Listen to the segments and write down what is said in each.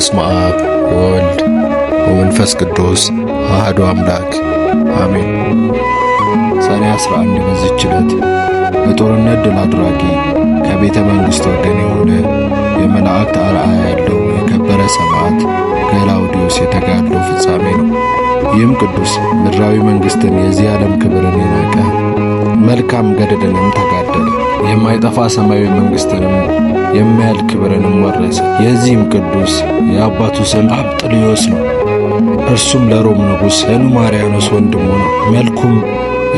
በስመ አብ ወወልድ ወመንፈስ ቅዱስ አህዶ አምላክ አሜን። ሰኔ 11 በዚች ዕለት በጦርነት ድል አድራጊ ከቤተ መንግሥት ወገን የሆነ የመላእክት አርአያ ያለው የከበረ ሰማዕት ገላውዲዮስ የተጋድሎ ፍጻሜ ነው። ይህም ቅዱስ ምድራዊ መንግሥትን የዚህ ዓለም ክብርን የናቀ መልካም ገድልንም ተጋደለ የማይጠፋ ሰማያዊ መንግሥትንም የማያል ክብርንም ወረሰ። የዚህም ቅዱስ የአባቱ ስም አጵጥልዮስ ነው። እርሱም ለሮም ንጉሥ ለኑማሪያኖስ ወንድሙ ነው። መልኩም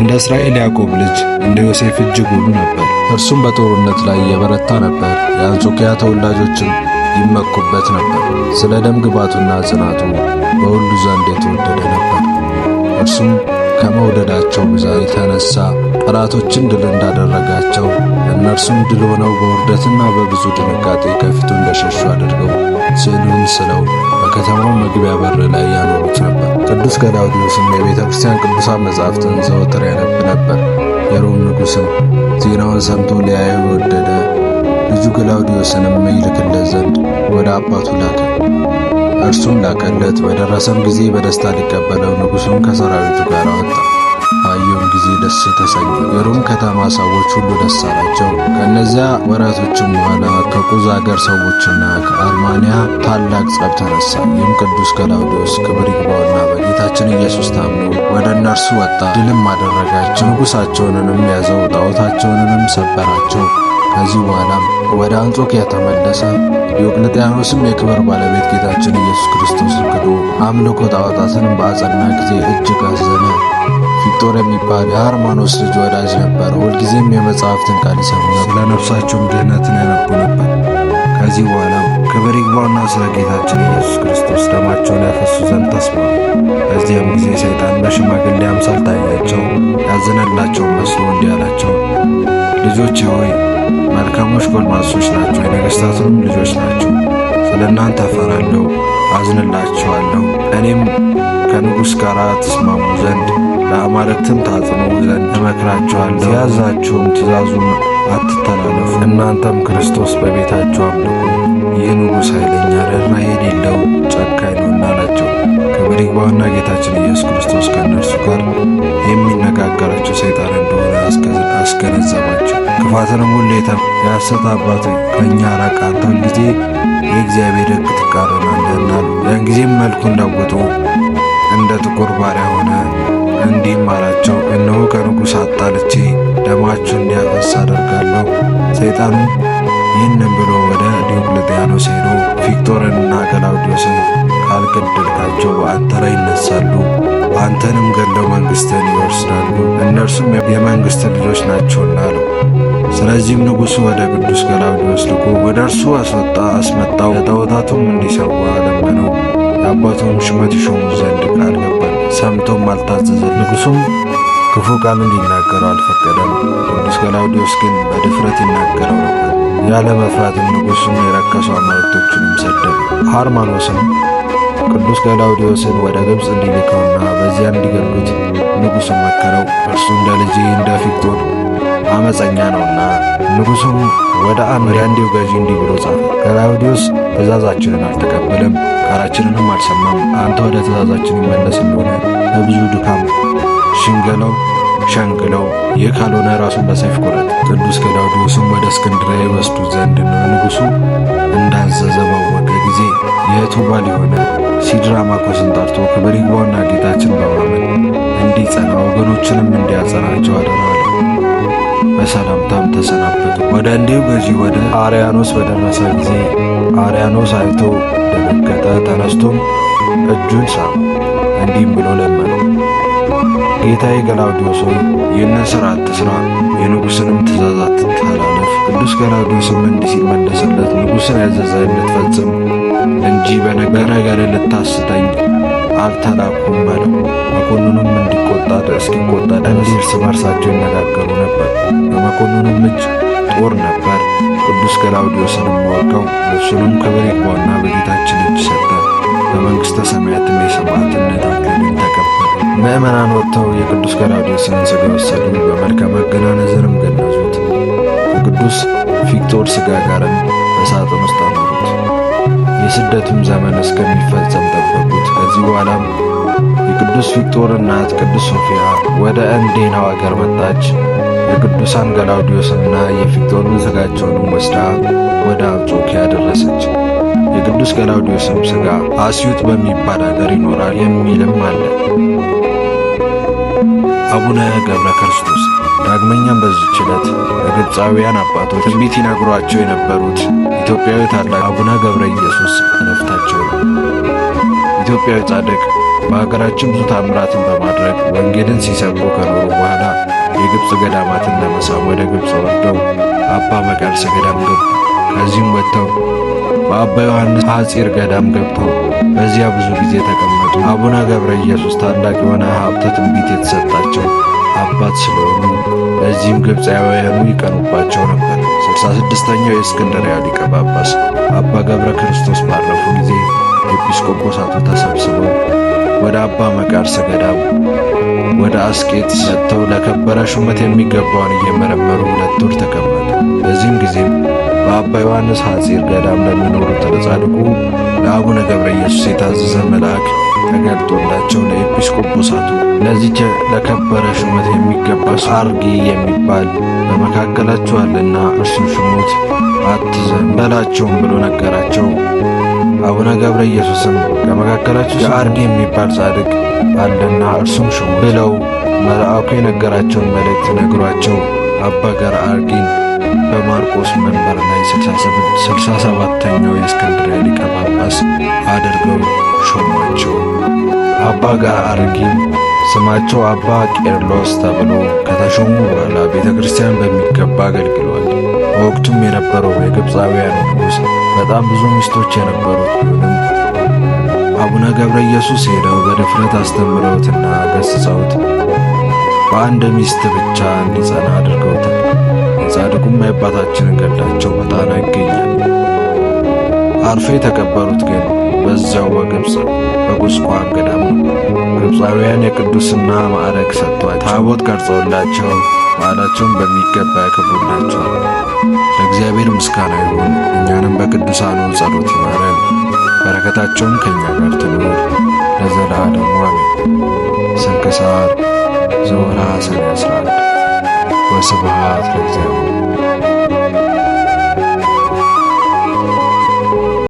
እንደ እስራኤል ያዕቆብ ልጅ እንደ ዮሴፍ እጅግ ውብ ነበር። እርሱም በጦርነት ላይ የበረታ ነበር። የአንጾኪያ ተወላጆችም ይመኩበት ነበር። ስለ ደም ግባቱና ጽናቱ በሁሉ ዘንድ የተወደደ ነበር። እርሱም ከመውደዳቸው ብዛት የተነሳ ጠላቶችን ድል እንዳደረጋቸው እነርሱም ድል ሆነው በውርደትና በብዙ ድንጋጤ ከፊቱ እንደሸሹ አድርገው ስዕሉን ስለው በከተማው መግቢያ በር ላይ ያኖሩት ነበር። ቅዱስ ገላውዲዮስም የቤተ ክርስቲያን ቅዱሳን መጻሕፍትን ዘወትር ያነብ ነበር። የሮም ንጉሥም ዜናውን ሰምቶ ሊያየው ወደደ ልጁ ገላውዴዎስንም ይልክለት ዘንድ ወደ አባቱ ላከ። እርሱም ላከለት። በደረሰም ጊዜ በደስታ ሊቀበለው ንጉሱን ከሰራዊቱ ጋር አወጣ። ባየውም ጊዜ ደስ ተሰኘ። የሮም ከተማ ሰዎች ሁሉ ደስ አላቸው። ከእነዚያ ወራቶችም በኋላ ከቁዛ አገር ሰዎችና ከአርማንያ ታላቅ ጸብ ተነሳ። ይህም ቅዱስ ገላውዴዎስ ክብር ይግባውና በጌታችን ኢየሱስ ታምኖ ወደ እነርሱ ወጣ፣ ድልም አደረጋቸው። ንጉሳቸውንንም ያዘው፣ ጣዖታቸውንንም ሰበራቸው። ከዚህ በኋላም ወደ አንጾኪያ ተመለሰ። ዲዮቅልጥያኖስም የክብር ባለቤት ጌታችን ኢየሱስ ክርስቶስ ክዶ አምልኮ ጣዖታትንም በአጸና ጊዜ እጅግ አዘነ። ፊጦር የሚባል የሃርማኖስ ልጅ ወዳጅ ነበር ሁልጊዜም የመጽሐፍትን ቃል ይሰሙ ነበር፣ ነፍሳቸውም ድህነትን ያነቡ ነበር። ከዚህ በኋላም ክብር ይግባውና ስለ ጌታችን ኢየሱስ ክርስቶስ ደማቸውን ያፈሱ ዘንድ ተስማሙ። በዚያም ጊዜ ሰይጣን በሽማግሌ አምሳል ታያቸው፣ ያዘነላቸው መስሎ እንዲህ አላቸው፣ ልጆቼ ሆይ መልካሞች ጎልማሶች ናቸው፣ የነገሥታትም ልጆች ናቸው። ስለ እናንተ አፈራለሁ፣ አዝንላችኋለሁ። እኔም ከንጉሥ ጋር ትስማሙ ዘንድ ለአማልክትም ታጥኑ ዘንድ እመክራችኋለሁ። ያዛችሁም ትእዛዙን አትተላለፉ። እናንተም ክርስቶስ በቤታችሁ አምልኩ። ይህ ንጉሥ ኃይለኛ ርኅራኄ የሌለው ጨካኝ ነውና አላቸው። ክብር ይግባውና ጌታችን ኢየሱስ ክርስቶስ ከእነርሱ ጋር የሚነጋገራቸው ሰይጣን እንደሆነ አስገነዘባቸው። ክፋትንም ሁሉ የሐሰት አባቶች ከእኛ ራቅ አንተ ጊዜ የእግዚአብሔር ሕግ ትቃረናለህና። ያን ጊዜም መልኩን ለውጦ እንደ ጥቁር ባሪያ ሆነ። እንዲህም አላቸው፣ እነሆ ከንጉሥ አጣልቼ ደማችሁ እንዲያፈስ አደርጋለሁ። ሰይጣኑ ይህንም ብሎ ወደ ዲዮቅልጥያኖስ ሄዶ ፊክጦርንና ገላውዲዮስን ካልገደልካቸው በአንተ ላይ ይነሳሉ፣ አንተንም ገድለው መንግሥትን ይወርሳሉ፣ እነርሱም የመንግሥት ልጆች ናቸውና አለው። ስለዚህም ንጉሡ ወደ ቅዱስ ገላውዴዎስ ልኮ ወደ እርሱ አስወጣ አስመጣው። ለጣዖታቱም እንዲሰዋ አለመነው። የአባቱም ሹመት ይሾሙ ዘንድ ቃል ገባል። ሰምቶም አልታዘዘ። ንጉሡም ክፉ ቃል እንዲናገረው አልፈቀደም። ቅዱስ ገላውዴዎስ ግን በድፍረት ይናገረው ነበር። ያለ መፍራትም ንጉሡም የረከሱ አማልክቶችንም ሰደደ። ሃርማኖስም ቅዱስ ገላውዲዮስን ወደ ግብፅ እንዲልከውና በዚያ እንዲገሉት ንጉሡ መከረው። እርሱ እንደ ልጄ እንደ አመፀኛ ነውና። ንጉሡም ወደ አምሪያ እንዲው ገዢ እንዲህ ብሎ ጻፈ። ገላውዲዮስ ትእዛዛችንን አልተቀበለም፣ ቃላችንንም አልሰማም። አንተ ወደ ትእዛዛችን ይመለስ እንደሆነ በብዙ ድካም ሽንገላው ሸንግለው ይህ ካልሆነ ራሱን በሰይፍ ቁረጥ። ቅዱስ ገላውዲዮስም ወደ እስክንድርያ ይወስዱት ዘንድ ነው ንጉሡ እንዳዘዘ ባወቀ ጊዜ የቱባል የሆነ ሲድራማኮስን ጠርቶ ክብር ይግባውና ጌታችን በማመን እንዲጸና ወገኖችንም እንዲያጸናቸው አደረገ። በሰላምታም ተሰናበቱ። ወደ እንዲሁ ገዢ ወደ አርያኖስ በደረሰ ጊዜ አርያኖስ አይቶ ደነገጠ። ተነስቶም እጁን ሳ እንዲህም ብሎ ለመነው ጌታዬ ገላውዲዮስ ሆይ ይህንን ሥራ አትሥራ፣ የንጉሥንም ትእዛዛት ትተላለፍ። ቅዱስ ገላውዲዮስም እንዲህ ሲል መለሰለት፣ ንጉሥን ያዘዘህን ልትፈጽም እንጂ በነገረ ልታስተኝ አልተላኩም አለው። መኮንኑም እንዲቆጣ እስኪቆጣ ድረስ እርስ በርሳቸው ይነጋገሩ ነበር። በመኮንኑም እጅ ጦር ነበር። ቅዱስ ገላውዲዮስንም ወጋው። ልብሱንም ክብር ይግባውና በጌታችን እጅ ሰጠ። በመንግሥተ ሰማያትም የሰማዕትነት አክሊልን ምእመናን ወጥተው የቅዱስ ገላውዴዎስን ስጋ ወሰዱ፣ በመልካም አገናነዘርም ገነዙት። ከቅዱስ ፊቅጦር ስጋ ጋርም በሳጥን ውስጥ አኖሩት። የስደቱም ዘመን እስከሚፈጸም ጠበቁት። ከዚህ በኋላም የቅዱስ ፊቅጦር እናት ቅዱስ ሶፊያ ወደ እንዴናው አገር መጣች። የቅዱሳን ገላውዴዎስና የፊቅጦርን ስጋቸውንም ወስዳ ወደ አንጾኪያ ደረሰች። የቅዱስ ገላውዲዮስም ስጋ አስዩት በሚባል አገር ይኖራል የሚልም አለ። አቡነ ገብረ ክርስቶስ። ዳግመኛም በዚች ዕለት ለግብፃውያን አባቶች ትንቢት ይነግሯቸው የነበሩት ኢትዮጵያዊ ታላቅ አቡነ ገብረ ኢየሱስ ዕረፍታቸው ነው። ኢትዮጵያዊ ጻድቅ በሀገራችን ብዙ ታምራትን በማድረግ ወንጌልን ሲሰብኩ ከኖሩ በኋላ የግብፅ ገዳማትን ለመሳብ ወደ ግብፅ ወርደው አባ መቃርስ ገዳም ገቡ። ከዚህም ወጥተው በአባ ዮሐንስ ሐጺር ገዳም ገብተው በዚያ ብዙ ጊዜ ተቀመጡ። አቡነ ገብረ ኢየሱስ ታላቅ የሆነ ሀብተ ትንቢት የተሰጣቸው አባት ስለሆኑ በዚህም ግብፃውያኑ ይቀኑባቸው ነበር። ስልሳ ስድስተኛው የእስክንድርያ ሊቀ ጳጳስ አባ ገብረ ክርስቶስ ባረፉ ጊዜ ኤጲስቆጶሳቱ ተሰብስበው ወደ አባ መቃርስ ገዳም ወደ አስቄት መጥተው ለከበረ ሹመት የሚገባውን እየመረመሩ ሁለት ወር ተቀመጡ። በዚህም ጊዜም በአባ ዮሐንስ ሐጺር ገዳም ለሚኖሩ ለጻድቁ ለአቡነ ገብረ ኢየሱስ የታዘዘ መልአክ ተገልጦላቸው ለኤጲስቆጶሳቱ ለዚች ለከበረ ሹመት የሚገባ ሰው አርጊ የሚባል በመካከላችሁ እርሱን ሹሙት አትዘን በላቸውም ብሎ ነገራቸው። አቡነ ገብረ ኢየሱስም ከመካከላችሁ የአርጊ የሚባል ጻድቅ አለና እርሱም ሹሙት ብለው መልአኩ የነገራቸውን መልእክት ነግሯቸው አባ አርጊን በማርቆስ መንበር ላይ 67 ሰባተኛው የእስክንድርያ ሊቀ ጳጳስ አድርገው ሾሙ። አባ ገአርጊ ስማቸው አባ ቄርሎስ ተብሎ ከተሾሙ በኋላ ቤተ ክርስቲያን በሚገባ አገልግሏል። በወቅቱም የነበረው የግብፃውያን ንጉሥ በጣም ብዙ ሚስቶች የነበሩት ቢሆንም አቡነ ገብረ ኢየሱስ ሄደው በድፍረት አስተምረውትና ገስጸውት በአንድ ሚስት ብቻ እንዲጸና አድርገውታል። የጻድቁም የአባታችንን ገድላቸው በጣና ይገኛል። አርፎ የተቀበሩት ግን በዚያው በግብፅ በቁስቋም ገዳም ግብፃውያን የቅዱስና ማዕረግ ሰጥቷቸው ታቦት ቀርጸውላቸው በዓላቸውን በሚገባ ያከብሩላቸዋል። ለእግዚአብሔር ምስጋና ይሁን። እኛንም በቅዱሳኑ ጸሎት ይማረን፣ በረከታቸውም ከእኛ ጋር ትኑር ለዘላለሙ አሜን። ስንክሳር ዘወርኀ ሰኔ 11 ወስብሐት ለእግዚአብሔር